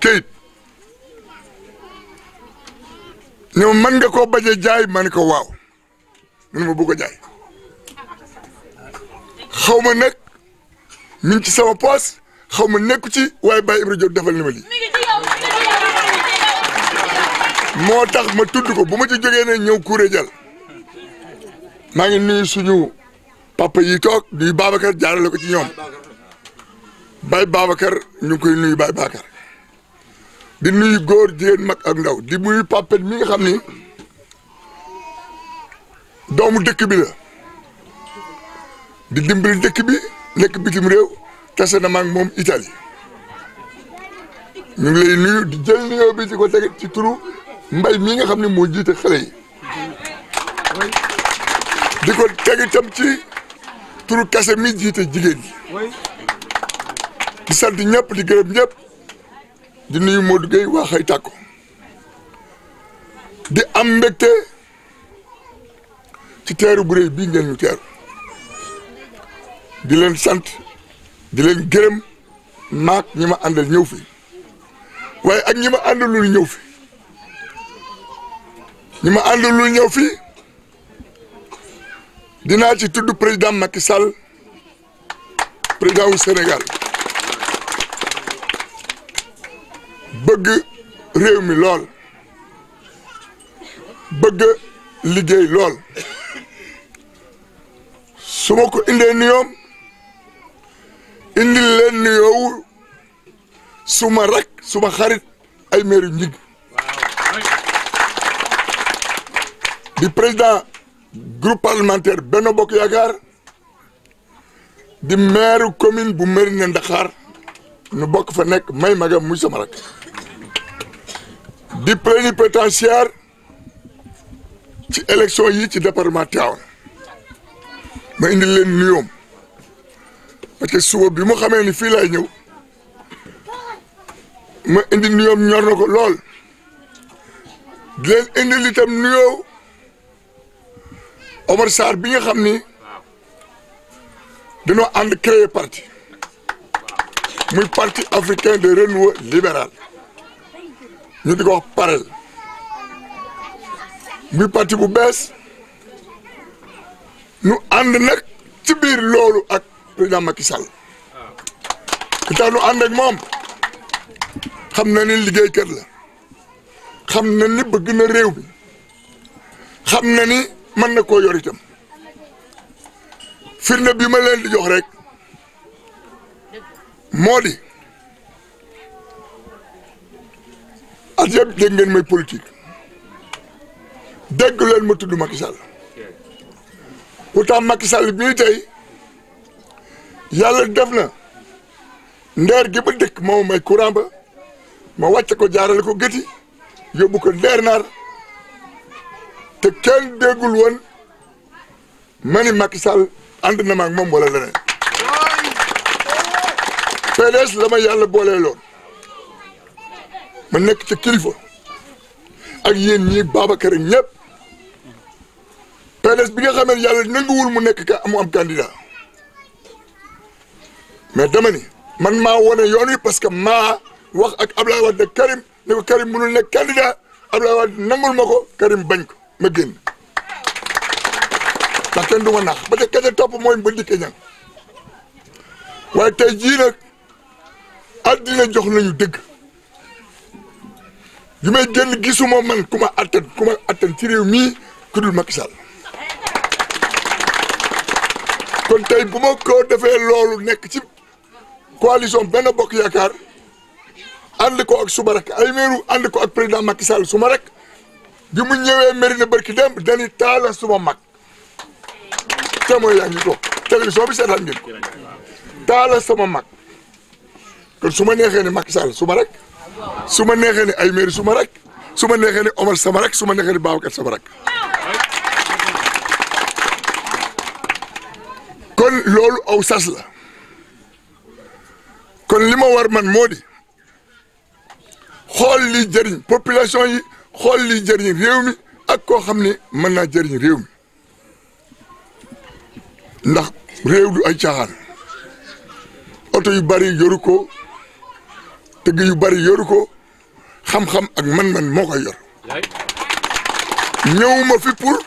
këyit ñoom man nga koo bañ a jaay ma ne ko waaw mu ne ma bëgg a jaay xaw ma nekk mi ci sama poos xaw ma nekku ci waaye Baye Ibra Diop defal ni ma lii moo tax ma tudd ko bu ma ci jógee ne ñëw Kuré Jal maa ngi nuyu suñu papa yi toog nuyu Babacar jaarale ko ci ñoom Baye Babacar ñu koy nuyu Baye Babacar di nuyu góor jigéen mag ak ndaw di nuyu papet mi nga xam ni doomu dëkk bi la di dimbali dëkk bi nekk bitim réew tase na maag moom Italie ñu ngi lay nuyu di jël nuyoo bi di ko teg ci turu mbay mi nga xam ni moo jiite xale yi di ko teg ci turu kase mi jiite jigéen ñi di sant ñëpp di gërëm ñëpp. di nuyu Modou Gueye waa xëy di am mbégte ci teeru bu rëy bii ngeen ñu teeru di leen sant di leen gërëm maak ñi ma àndal ñëw fi waaye ak ñi ma àndalul ñëw fi ñi ma àndalul ñëw fi dinaa ci tudd président Macky Sall président wu Sénégal bëgg réew mi lool bëgg liggéey lool su ma ko indee nuyoom indil leen nuyoowu suma rak suma xarit ay meeru njig di président groupe parlementaire Benno Bokk Yaakaar di maire commune bu Mérina Dakhar nu bokk fa nekk may magam muy sama rak di plénipotentiaire ci élection yi ci département Tivaouane ma indi leen nuyoom parce que suba bi mu xamee ni fii laay ñëw ma indi nuyoom ñor na ko lool di leen indi li tam nuyoo Omar bi nga xam ni danoo ànd créer parti muy parti africain de renouveau libéral ñu di ko muy parti bu bees nu ànd nag ci biir loolu ak président Macky Sall li tax nu ànd ak moom xam na ni liggéeykat la xam na ni bëgg na réew bi xam na ni mën na koo yor itam firnde bi ma leen di rek. moo di at yëpp dégg ngeen may politique dégg leen ma tudd Macky Sall pourtant Macky Sall bii def na ndeer gi ba dëkk moo may courant ba ma wàcce ko jaarale ko géti yóbbu ko ndeer naar te kenn déggul woon ma ni Macky Sall ànd moom walla leneen PDS la ma yàlla boole loon ma nekk ca kilifa ak yéen ñii Babacar ak ñëpp PDS bi nga xamee yàlla nanguwul mu nekk ka mu am candidat mais dama man maa wane yoon wi parce que maa wax ak Ablaye Wade ak Karim ne Karim mënul nekk candidat Ablaye Wade nangul ma ko Karim bañ ko ma génn ndax kenn du ma ba te kete topp mooy ba dikkee ñang waaye tey jii àddina jox nañu dëgg li may génn gisuma man ku ma attan ku ma attan ci réew mii ku dul Macky kon tey bu ma ko defee loolu nekk ci coalition benn bokk yaakaar ànd ko ak suba rek ay meeru ànd ko ak président Macky Sall suma rek bi mu ñëwee Mérina Barki dem dañuy taala suma mag te mooy yaa ngi toog télévision bi seetaan ngeen ko taala sama mag su ma neexee ne Macky Sall su rek su ma neexee ne ay maire suma ma rek su ma neexee ne Omar sama rek su ma neexee ne Babacar sama rek kon loolu aw sas la kon li ma war man moo di xool li jëriñ population yi xool li jëriñ réew mi ak koo xam ne mën naa jëriñ réew mi ndax réew du ay caaxaan oto yu bari yoru ko tëgg yu bari yoru ko xam-xam ak man-man moo koy yor ñëwuma fi pour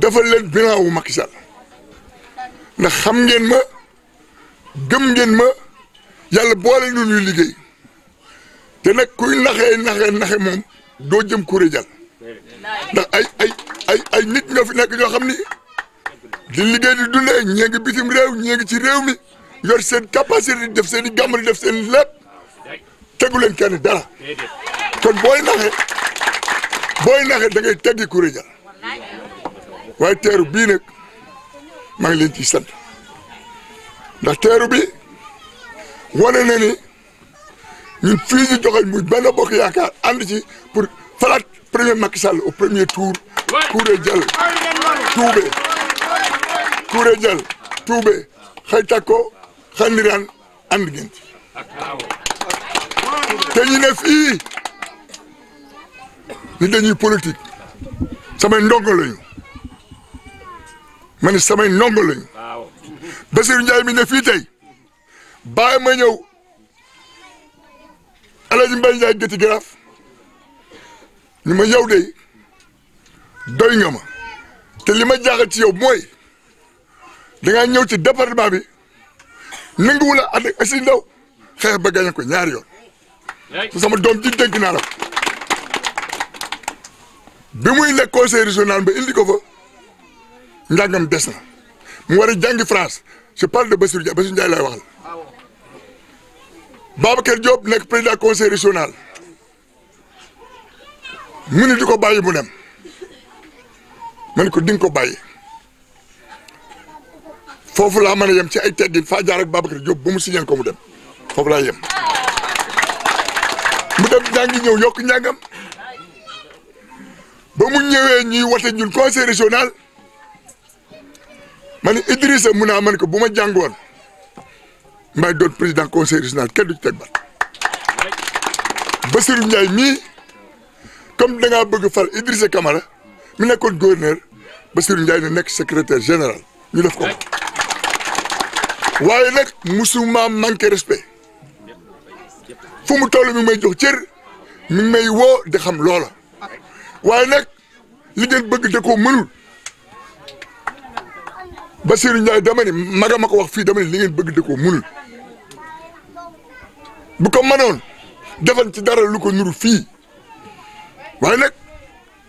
defal leen bilan wu Macky Sall ndax xam ngeen ma gëm ngeen ma yàlla boole nu ñuy liggéey te nag kuy naxee naxee naxe moom doo jëm kuré jàll ndax ay ay ay ay nit ñoo fi nekk ñoo xam ni di liggéey di dundee ñee ngi bitim réew ñee ngi ci réew mi yor seen capacité di def seen i gàmm def seen lépp tegu leen kenn dara kon booy naxe booy naxe da ngay teggi kuréel waaye teeru bii nag maa ngi leen ciy sant ndax teeru bi wane na ni ñun fii ñu joxe muy benn bokk yaakaar ànd ci pour falaat premier Macky Sall au premier tour kuréel tuube kuréel tuube xëy takko xandiraan ànd ngeen ci te ñu ne ni dañuy politique samay ndongo lañu ma ne samay ndongo lañu Bassirou Ndiaye mi ne fii tey bàyyi ma ñëw Alaaji Mbaye Ndiaye géti garaaf ñu ma yow de doy nga ma te li ma jaaxal ci yow mooy dangaa ñëw ci département bi nanguwul a ànd ak Aziz xeex ba gañe ko ñaari yoon te sama doom ji dénk bi muy nekk conseil régional ba indi ko fa njàngam des na mu war a jàngi France je parle de Bassirou Dia Bassirou Ndiaye laay waxal Babacar Diop nekk président conseil régional mu ni di ko bàyyi mu dem man ko di ko bàyyi foofu laa man a yem ci ay teggin Fa Jaar ak Babacar Diop ba mu signal ko mu dem foofu laa yem mu dem jàngi ñëw yokk njàngam ba mu ñëwee ñuy wate ñun conseil régional ma ne Idrissa mun naa man ko bu ma jàngoon may doon président conseil régional kenn du ci teg bat Bassirou Ndiaye mii comme da ngaa bëgg fal Idrissa Camara mi nekkoon gouverneur Bassirou Ndiaye ne nekk secrétaire général ñu def ko waaye nag musuma manke respect fu mu toll mi may jox cër mi may woo di xam loola waaye nag li ngeen bëgg da koo mënul Bassirou Ndiaye dama ni maga wax fii dama ni li ngeen bëgg da mënul bu ko mënoon defan ci dara lu ko nuru fii waaye nag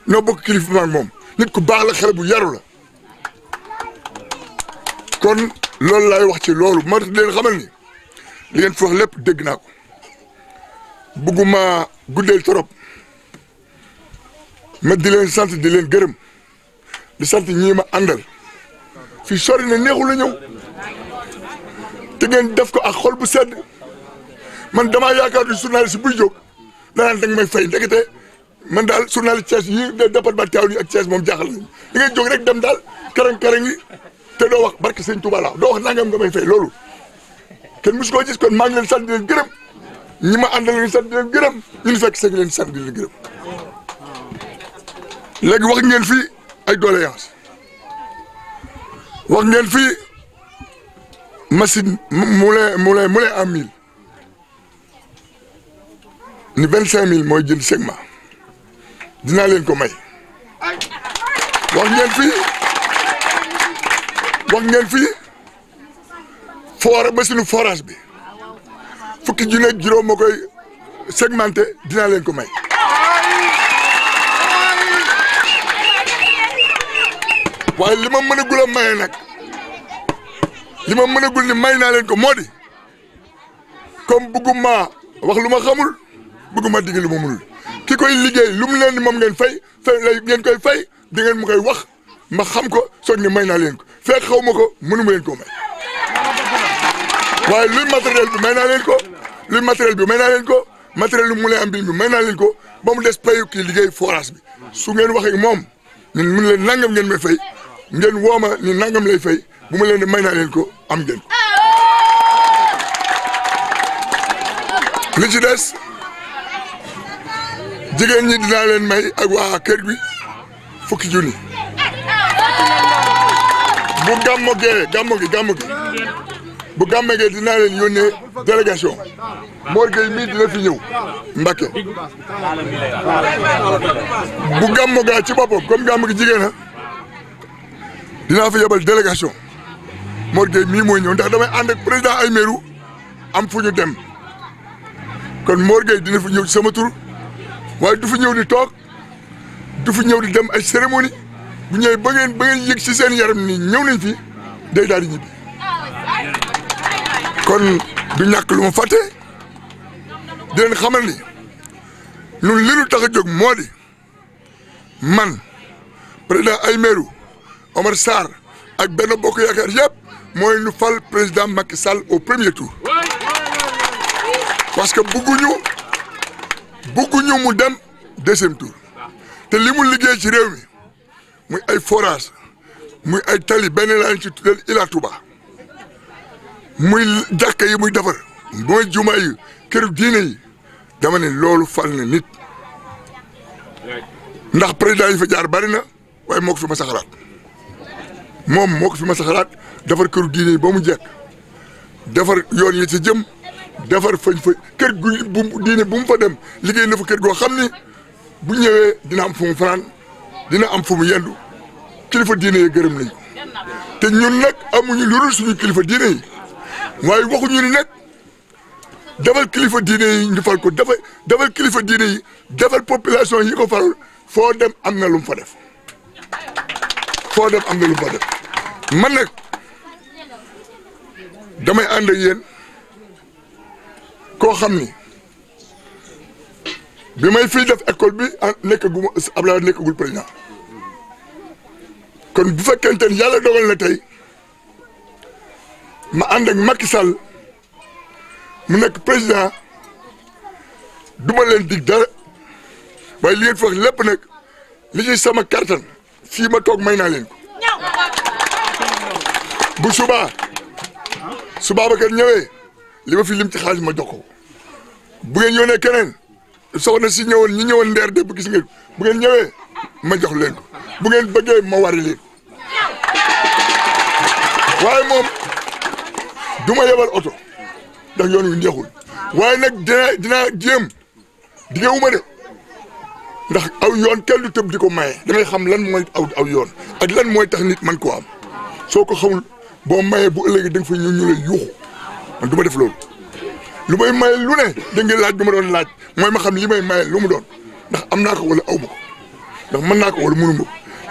noo bokk kilifa maag moom nit ku baax la xale bu yaru la loolu laay wax ci loolu ma leen xamal ni li ngeen fi wax lépp dégg naa ko bëgguma guddeel trop ma di leen sant di leen gërëm di sant ñii ma àndal fi sori na neexul la ñëw te ngeen def ko ak xol bu sedd man damaa yaakaar ni journaliste buy jóg danaan danga may fay ndekete man daal journaliste Thiès yi département Tivaouane yi ak Thiès moom jaaxal nañu da ngay jóg rek dem daal karang karang yi te doo wax barke sëñ Touba la doo wax nangam nga may fay loolu kenn musu koo gis kon maa ngi leen sant di gërëm ñi ma àndal leen sant gërëm ñu fekk sëñ leen sant di leen gërëm léegi wax ngeen fii ay doléance wax ngeen fii machine mu lay mu lay mu lay am mille ni vingt cinq mille mooy jël segment dinaa leen ko may wax ngeen fii wax ngeen fii foora ba suñu forage bi fukki junne juróom ma koy segmenté dinaa leen ko may. waaye li ma mën a gul nag li ma mën a gul may naa leen ko moo di comme bëgguma wax lu ma xamul bëgguma digg lu ma mënul ki koy liggéey lu mu leen ni moom ngeen fay fay ngeen koy fay di ngeen mu koy wax. ma xam ko soog ne may naa leen ko fekk xaw ma ko mënuma leen koo may waaye luy matériel bi may ko luy matériel bi may naa leen ko matériel bi mu lay am bi may naa leen ko ba mu des payu kii liggéey forage bi su ngeen waxee moom ñun mun leen nangam ngeen may fay ngeen wooma ni nangam lay fay bu ma leen ne may naa ko am ngeen ko li ci des jigéen ñi dinaa leen may ak waa kër gi fukki junni bu gàmmu gee gàmmu gi gàmmu gi bu gàmmu gee dinaa leen yónnee délégation Mor Gueye mii dina fi ñëw Mbacké bu gàmmu gaa ci boppam comme gàmmu gi jigéen a dinaa fi yebal délégation Mor Gueye mii mooy ñëw ndax damay ànd ak président Aymerou am fu ñu dem kon Mor Gueye dina fi ñëw sama tur waaye du fi ñëw di toog du fi di dem ay cérémonie bu ñëwee ba ngeen ba ngeen yëg ci seen yaram ni ñëw nañ fi day daal di ñibbi kon du ñàkk lu ma fàtte di leen xamal ni ñun li tax jóg moo di man président Aymerou Omar Sarr ak benn Bokk Yaakaar yëpp mooy ñu fal président Macky Sall au premier tour parce que bugguñu bugguñu mu dem deuxième tour te li mu liggéey ci réew mi. muy ay forage muy ay tali benn laa ci tuddee Ila Touba muy jàkka yi muy defar mooy jumaa yi kër diine yi dama ne loolu fal na nit ndax président yi fa jaar bari na waaye moo ko fi ma saxalaat moom moo ko fi ma saxalaat defar këru diine yi ba mu jekk defar yoon yi ci jëm dafar fañ fa kër gu bu diine bu mu fa dem liggéey na fa kër goo xam ni bu ñëwee dina fu mu fanaan dina am fu mu yendu kilifa diine yi gërëm nañ te ñun nag amuñu lu dul suñu kilifa diine yi waaye waxuñu ni nag defal kilifa diine yi ñu fal ko defal defal kilifa diine yi defal population yi ko farul foo dem am na lum mu def foo dem am na lu mu fa def man nag damay ànd ak koo xam ni. bi may fii def école bi ah, nekkaguma Abdoulaye nekkagul président kon bu fekkente ni yàlla dogal na tey ma ànd ak Macky Sall mu nekk président duma leen dig dara waaye li ngeen lépp nag li ci sama kartan fii ma toog may naa leen bu subaa subaa ba kat ñëwee li ma fi lim ci xaalis ma jox ko bu ngeen keneen. soo na si ñëwoon ñi ñëwoon ndeer de bu gis ngeen bu ngeen ñëwee ma jox leen ko bu ngeen bëggee ma wari leen waaye moom du ma yebal oto ndax yoon wi njeexul waaye nag dinaa dinaa di diggéewuma de ndax aw yoon kenn du tëb di ko maye dangay xam lan mooy aw yoon ak lan mooy tax nit man ko am soo ko xamul boo mayee bu ëllëgee da nga fa ñu man du ma def loolu lu may maye lu ne da ngeen laaj bi ma doon laaj mooy ma xam li may maye lu mu doon ndax am naa ko wala aw ma ndax mën naa ko wala mënu ma ko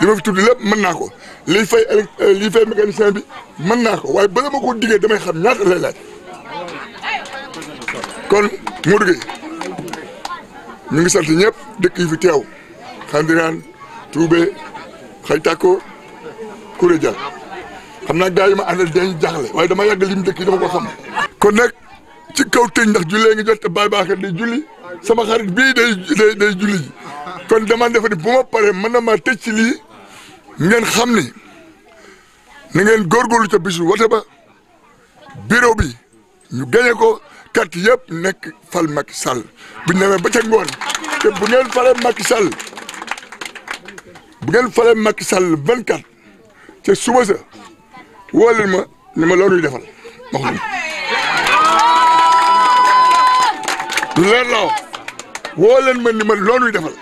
li fi tudd lépp mën naa ko liy fay euh, liy fay mécanicien bi mën naa ko waaye bala ma ko diggee damay xam ñaata lay laaj kon Modou Gueye mu ngi sant ñëpp dëkk yi fi teew Xandiraan Toubé xëy tàkko Kuré Dial xam naa gaa yi ma àndal dañ jaxle waaye dama yàgg lim dëkk yi dama ko xam kon nag ci kaw tëj ndax jullee ngi jot te Baye Bakar day julli sama xarit bii day day julli ji kon dama defa ni bu ma paree mën na ma tëj ci lii ngeen xam ni na ngeen góorgóorlu ca bisu wote ba bureau bi ñu gañe ko kat yëpp nekk fal makk Sall bu ñu ba ca ngoon te bu ngeen falee Macky Sall bu ngeen falee Macky Sall vingt-quatre te suba sa woo ma ni ma loolu defal ma lu leer la wax woo leen ma ni ma loonuy defal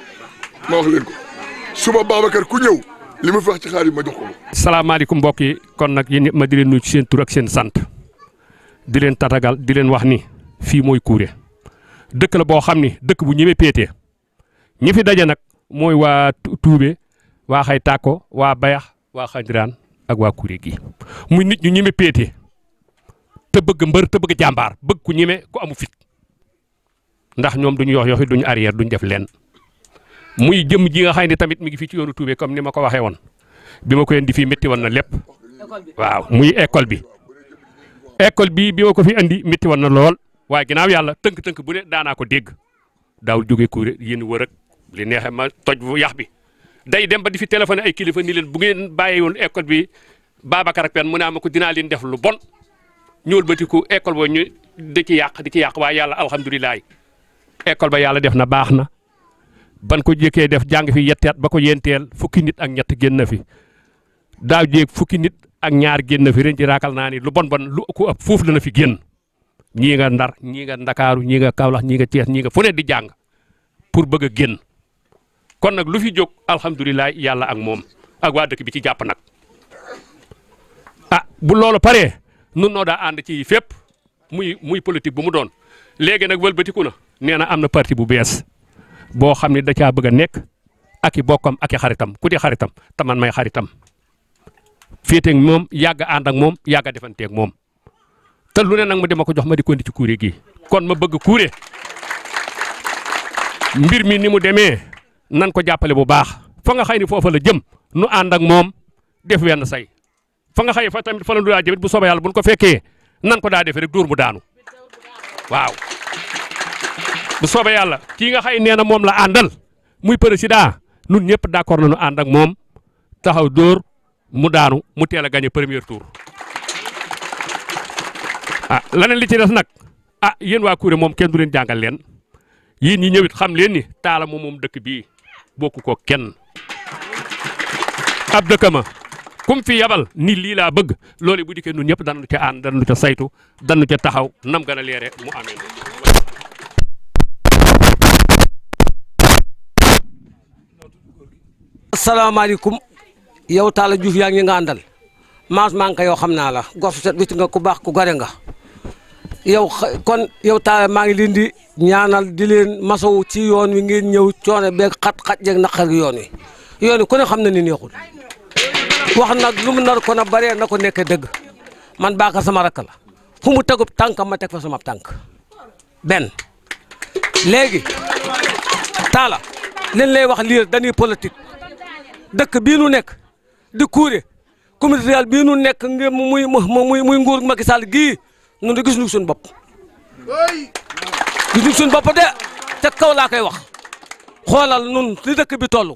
ma wax leen ko suba Babacar ku ñëw li ma fi ci xaar ma jox ko. salaamaaleykum mbokk yi kon nag yéen ma di leen nuyu ci seen tur ak seen sant di leen tatagal di leen wax ni fii mooy Kouré dëkk la boo xam ni dëkk bu ñëwee péetee ñi fi daje nag mooy waa Toubé waa xay tàkko waa Bayax waa Xandiraan ak waa Kouré gi muy nit ñu ñeme péete te bëgg mbër te bëgg jàmbaar bëgg ku ñeme ku amu fit ndax ñoom duñu yox yoxi duñu arrière duñu def leen muy jëm ji nga xam ne tamit mi ngi fii ci yoonu Tuubaa comme ni ma ko waxe woon bi ma ko indi fii métti woon na lépp waaw muy école bi école bi bi ko fi indi métti woon na lool waaye ginnaaw yàlla tënk-tënk bu ne daanaa ko dégg daaw jóge ku yéen wër ak li neexee ma toj bu yax bi day dem ba di fi téléphoné ay kilifa ni leen bu ngeen bàyyi woon école bi baaba ak Pène mu naa ma ko dinaa leen def lu bon ñuul batiku école boobu ñu di ci yàq di ci yàq waaye yàlla alhamdulilah école ba yàlla def na baax na ban ko jëkkee def jàng fi yetti ba ko yenteel fukki nit ak ñett génn fi daaw jéeg fukki nit ak ñaar génn fi ren ci raakal naa ni lu bon bon lu ko ëpp foofu dana fi génn ñii nga ndar ñii nga ndakaaru ñii nga Kaolack ñii nga Thiès ñii nga fu ne di jàng pour bëgg a génn kon nag lu fi jóg alhamdulilah yàlla ak moom ak waa dëkk bi ci jàpp nag. ah bu loolu paree nun noo daa ànd ci fépp muy muy politique bu mu doon léegi nag wëlbatiku na. nee na am na parti bu bees boo xam ne da caa bëgg a nekk ak i bokkam ak i xaritam ku di xaritam te man may xaritam féeteeg moom yàgg ànd ak moom yàgga defanteek moom te lu ne nag mu dama ko jox ma di ko indi ci kuure gi kon ma bëgg kuure mbir mi ni mu demee nan ko jàppale bu baax fa nga xay ni foofa la jëm nu ànd ak moom def wenn say fa nga xay fa tamit fa la du daa jëmit bu soobee yàlla buñ ko fekkee nan ko daa defee rek dóor mu daanu waaw bu soobee yàlla kii nga xay nee na moom la àndal muy président nun ñëpp d'accord nañu ànd ak moom taxaw dóor mu daanu mu teel a gagné premier tour ah leneen li ci des nag a ah, yéen waa Kouré moom kenn du leen jàngal leen yéen ñi ñëwit xam leen ni taala moom moom dëkk bii bokku ko kenn ab dëkk ma kum fi yabal ni lii laa bëgg loolu bu dikkee nun ñëpp danu ca ànd danu ca saytu danu ca taxaw nam gën leere mu amee salaamaaleykum yow Talla Diouf yaa ngi nga maas maa ngi ko yow xam naa la gor su set nga ku baax ku gore nga kon yow Talla maa ngi leen di ñaanal di leen masawu ci yoon wi ngeen ñëw coono beeg xat-xat yeeg naqar gi yoon wi yoon wi ku ne xam na ni neexul wax nag lu mu nar ko na baree na ko nekk dëgg man baaka sama rakk la fu mu tegub tànk ma teg fa sama tànk benn léegi Talla leen lay wax liir dañuy politique dëkk bii nu nekk di Kouré communauté rurale bii nu nekk ngir muy muy muy nguur Macky Sall gii ñun de gis ñu sun bopp. gis ñu suñu kaw laa koy wax xoolal nun li dëkk bi toll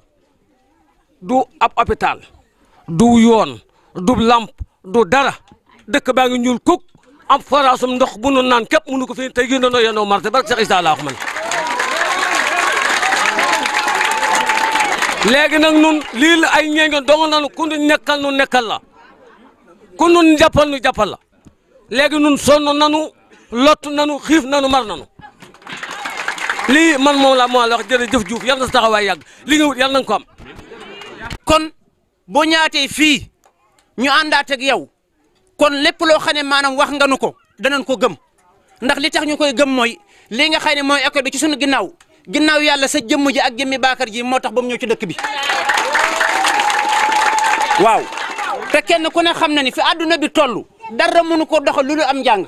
du ab hôpital du yoon du lamp du dara dëkk baa ngi ñuul kuk am forage am ndox bu nu naan képp mënu ko fi tey jii dañoo yéenoo marché barke Cheikh Issa laa man. léegi nag nun lii la ay ñeeño dongo nanu ku nu nekkal nu nekkal la ku nu jàppal nu jàppal la léegi nun sonn nanu lot nanu xiif nanu mar nanu lii man moom laa moo la wax jërëjëf Diouf yal na sa taxawaay yàgg li nga wut yal na ko am kon boo ñaatee fii ñu àndaat ak yow kon lépp loo xam ne maanaam wax nga nu ko danañ ko gëm ndax li tax ñu koy gëm mooy lii nga xane ne mooy école bi ci suñu ginnaaw ginnaaw yàlla sa jëmm ji ak jëmmi baakar ji moo tax ba mu ñëw ci dëkk bi waaw te kenn ku ne xam na ni fi àdduna bi toll dara mënu ko doxal lu dul am njàng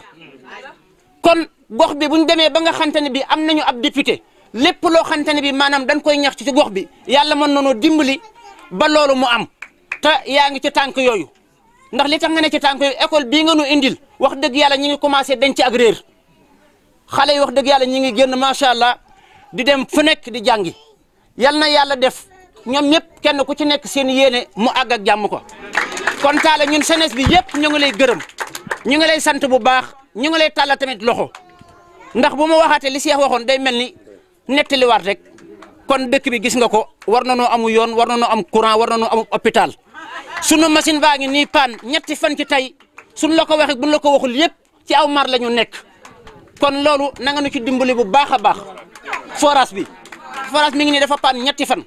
kon gox bi bu ñu demee ba nga xamante ne bi am nañu ab député lépp loo xamante ne bi maanaam dañ koy ñax ci gox bi yàlla mën nañoo dimbali ba loolu mu am ta yaa ngi ci tànk yooyu ndax li tax nga ne ci tànk yooyu école bii nga nu indil wax dëgg yàlla ñi ngi commencé denc ci réer xale yi wax dëgg yàlla ñi ngi génn macha allah. di dem fu nekk di jàngi yal na yàlla def ñoom ñëpp kenn ku ci nekk seen yéene mu àgg ak jàmm ko kon taala ñun jeunesse bi yëpp ñu ngi lay gërëm ñu ngi lay sant bu baax ñu ngi lay tàllal tamit loxo ndax bu ma waxaatee li Cheikh waxoon day mel ni nettaliwaat rek kon dëkk bi gis nga ko war na noo amu yoon war na nu am courant war na noo am hôpital sunu machine baa ngi nii paan ñetti fan ci tey suñ la ko waxee buñ la ko waxul yëpp ci aw mar la nekk kon loolu na nga ci dimbali bu baax a baax forage bi forage mi ngi ne dafa paan ñetti fan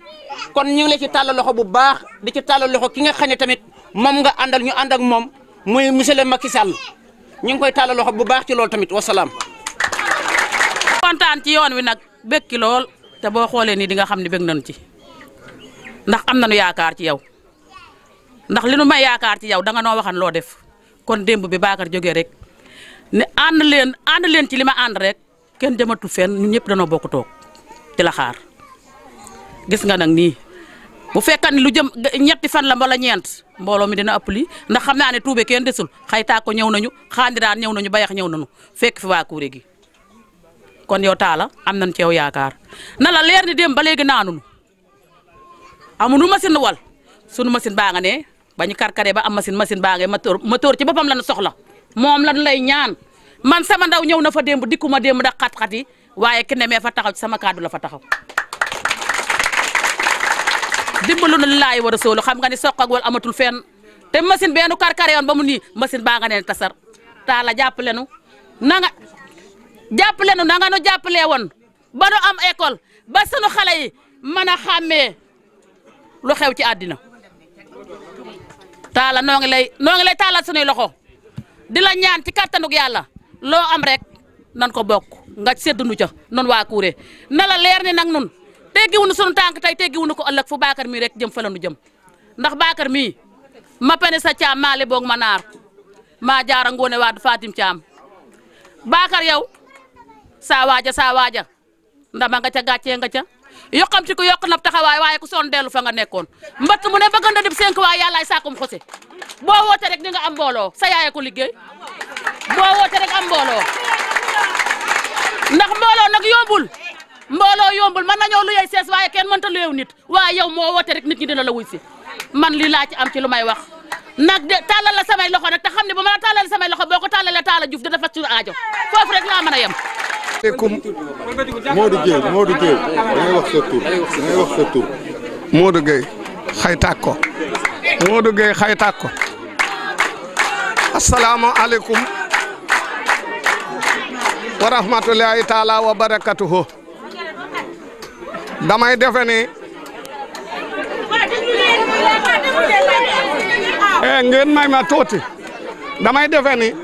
kon ñu ngi la ci tàllal loxo bu baax di ci tàllal loxo ki nga xam ne tamit moom nga àndal ñu ànd ak moom muy monsieur le Macky Sall ñu ngi koy tàllal loxo bu baax ci loolu tamit wasalaam. kontaan ci yoon wi nag bëgg ci lool te boo xoolee nii di nga xam ne bëgg nañu ci ndax am nañu yaakaar ci yow ndax li nu may yaakaar ci yow danga noo waxan loo def kon démb bi Bakar jógee rek ne ànd leen ànd leen ci lima ma ànd rek. kenn dematu fenn ñun ñëpp danoo bokk toog ci la xaar gis nga nag nii bu fekkan lu jëm ñetti fan la wala ñeent mbooloo mi dina ëpp lii ndax xam naa ne tuube kenn desul xaytaa ko ñëw nañu xaandiraan ñëw nañu bayax ñëw nañu fekk fi waa kuure gi kon yow taala am nañ ci yow yaakaar na la leer ni dem ba léegi naanunu amuñu machine wal sunu machine baa nga ne bañ ñu karkaree ba am machine machine baa nga moteur moteur ci boppam lañu soxla moom lañu lay ñaan. man sama ndaw ñëw na fa démb dikkuma démb ndax xat-xat yi waaye kenn mee fa taxaw ci sama kàddu la fa taxaw dimbalu na laay war a sóolu xam nga ni soq wal amatul fenn te machine benn karkar yoon ba mu ni machine baa nga ne tasar taala jàppale nanga na nga jàppale nu na nga nu jàppalee woon ba nu am école ba sunu xale yi mën a xàmmee lu xew ci àddina taala noo ngi lay noo ngi lay taalal sunuy loxo di la ñaan ci kattanug yàlla. loo am rek nan ko bokk nga séddunu ca noonu waa Kouré nala leer ni nag nun teggiwunu sunu tànk tey teggiwunu ko ëllëg fu Bakar mii rek jëm fa la nu jëm ndax Bakar mi ma pene sa caam maa le ma naar maa jaara ngoone waadu Fatim caam Bakar yow saa waaja saa waaja ndama nga ca gàccee nga ca yokkam ci ku yokk nab taxawaay waaye ku soon dellu fa nga nekkoon mbëtt mu ne bëgg na dib senk waaye yàllaay saakum xose boo woote rek di nga sa yaaya ko boo woote rek am mbooloo ndax mbooloo nag yombul mbooloo yombul mën nañoo luyee sees waaye kenn mënta luyew nit waaye yow moo woote rek nit ñi dina la wuy si man li laaj ci am ci lu may wax nag de tàllal la samay loxo nag ta xam ne ba ma la samay loxo boo ko tàllalee Talla Diouf dana fas suñu aajo foofu rek laa mën a yem. asalaamaaleykum Modou Gueye Modou Gueye da ngay wax sa tur da ngay wax sa tur Modou Gueye xaytaak ko wa rahmatullahi taala wa barakatuhu damay defe ni eh ngeen may ma tuuti damay defe ni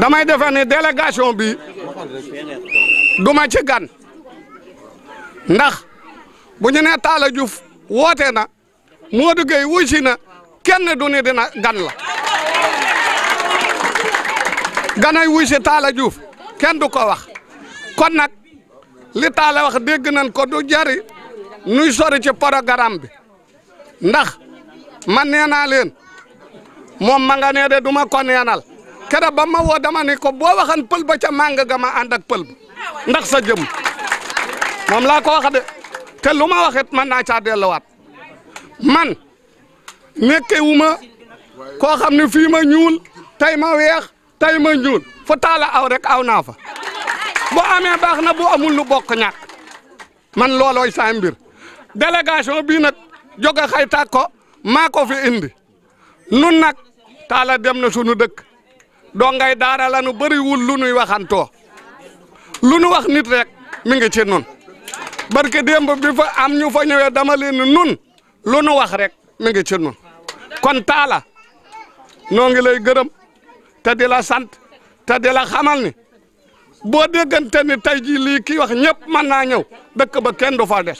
damay defe ni délégation bi duma ci gan ndax bu ñu nee Talla Diouf woote na Modou Gueye wuy si na kenn du ni dina gan la ganay wuy si Talla Diouf kenn du ko wax kon nag li Talla wax dégg nañ ko du jari nuy sori ci programme bi ndax man nee naa leen moom ma nga nee de du ma ko neenal kera ba ma woo ni ko boo waxan pël ca màng ga ma ànd ak ndax sa jëm moom la ko wax de te lu ma waxit man naa caa delluwaat man nekke wu ma koo xam ne fii ma ñuul tey ma weex tey ma njuun fa taala aw rek aw naa fa bu amee baax na bu amul lu bokk ñàkk man loolooy saa mbir délégation bii nag joge xay tàkk ko maa fi indi nun nag taala dem na sunu dëkk doo ngay daara la nu bëriwul lu nuy waxantoo lu nu wax nit rek mi ngi ci nun barke démb bi fa am ñu fa ñëwee dama leen nun lu nu wax rek mi ngi ci nun kon taala noo ngi lay gërëm te di la sant te di la xamal ni boo déggante ni tey jii lii kii wax ñëpp man naa ñëw dëkk ba kenn du fa des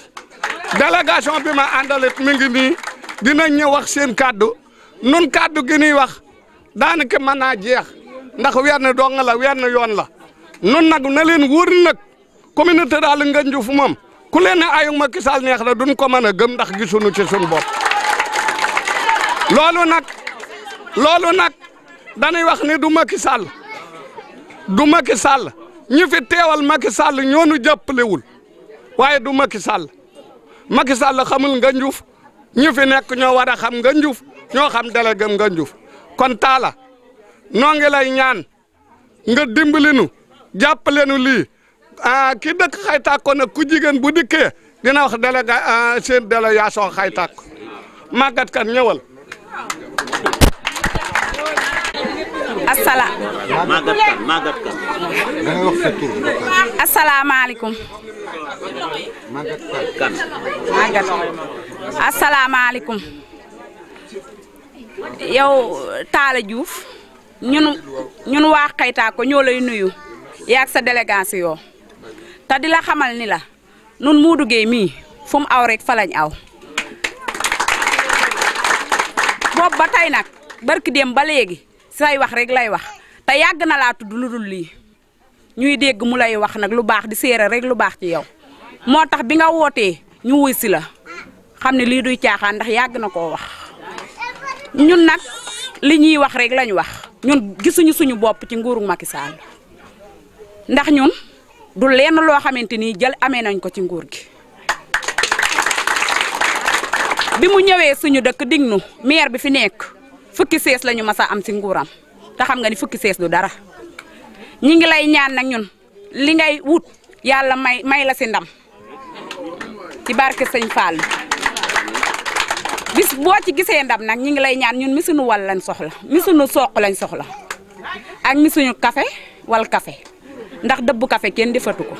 délégation bi ma àndalit mi ngi nii dina ñëw wax seen kàddu nun kàddu gi ñuy wax daanaka mën naa jeex ndax wenn dong la wenn yoon la nun nag na leen wóor nag communauté daal nga fu moom ku leen ne ayu ma kisaal neex na duñ ko mën a gëm ndax gisuñu ci suñu bopp loolu nag loolu nag dañuy wax ni du Macky Sall du Macky Sall ñi fi teewal Macky Sall ñoo nu waaye du Macky Sall Macky Sall xamul nga njuuf ñi fi nekk ñoo war a xam nga njuuf ñoo xam délégué nga njuuf kon taala noo ngi lay ñaan nga dimbali nu jàppale lii ah ki dëkk xaytaako nag ku jigéen bu dikkee dina wax délégué ah, seen délégation xaytaako màggat kan ñëwal. asala. Maguette Kane Maguette Kane. da yow Talla Diouf ñun ñun waa Xayta ñoo lay nuyu yaag sa délégation te di la xamal ni la nun Modou Gueye mii fu mu aw rek fa lañ aw. boobu ba tey nag barki dem ba léegi. say wax rekk lay wax te yàgg na laa tudd lu dul lii ñuy dégg mu lay wax nag lu baax di seere rek lu baax ci yow moo tax bi nga wootee ñu wuy si la xam ne lii duy caaxaan ndax yàgg na koo wax ñun nag li ñuy wax rek lañu wax ñun gisuñu suñu bopp ci nguuru Macky Sall ndax ñun du lenn loo xamante ni jël amee nañ ko ci nguur gi bi mu ñëwee suñu dëkk dignu maire bi fi nekk fukki sees lañu ñu mas a am si nguuram te xam nga ni fukki sees du dara ñi ngi lay ñaan nag ñun li ngay wut yàlla may may la si ndam ci barke sëñ Fall bis boo ci gisee ndam nag ñi ngi lay ñaan ñun misunu suñu wal lañ soxla mi suñu soq lañ soxla ak mi suñu café wal kafe ndax dëbbu kafe kenn defatu ko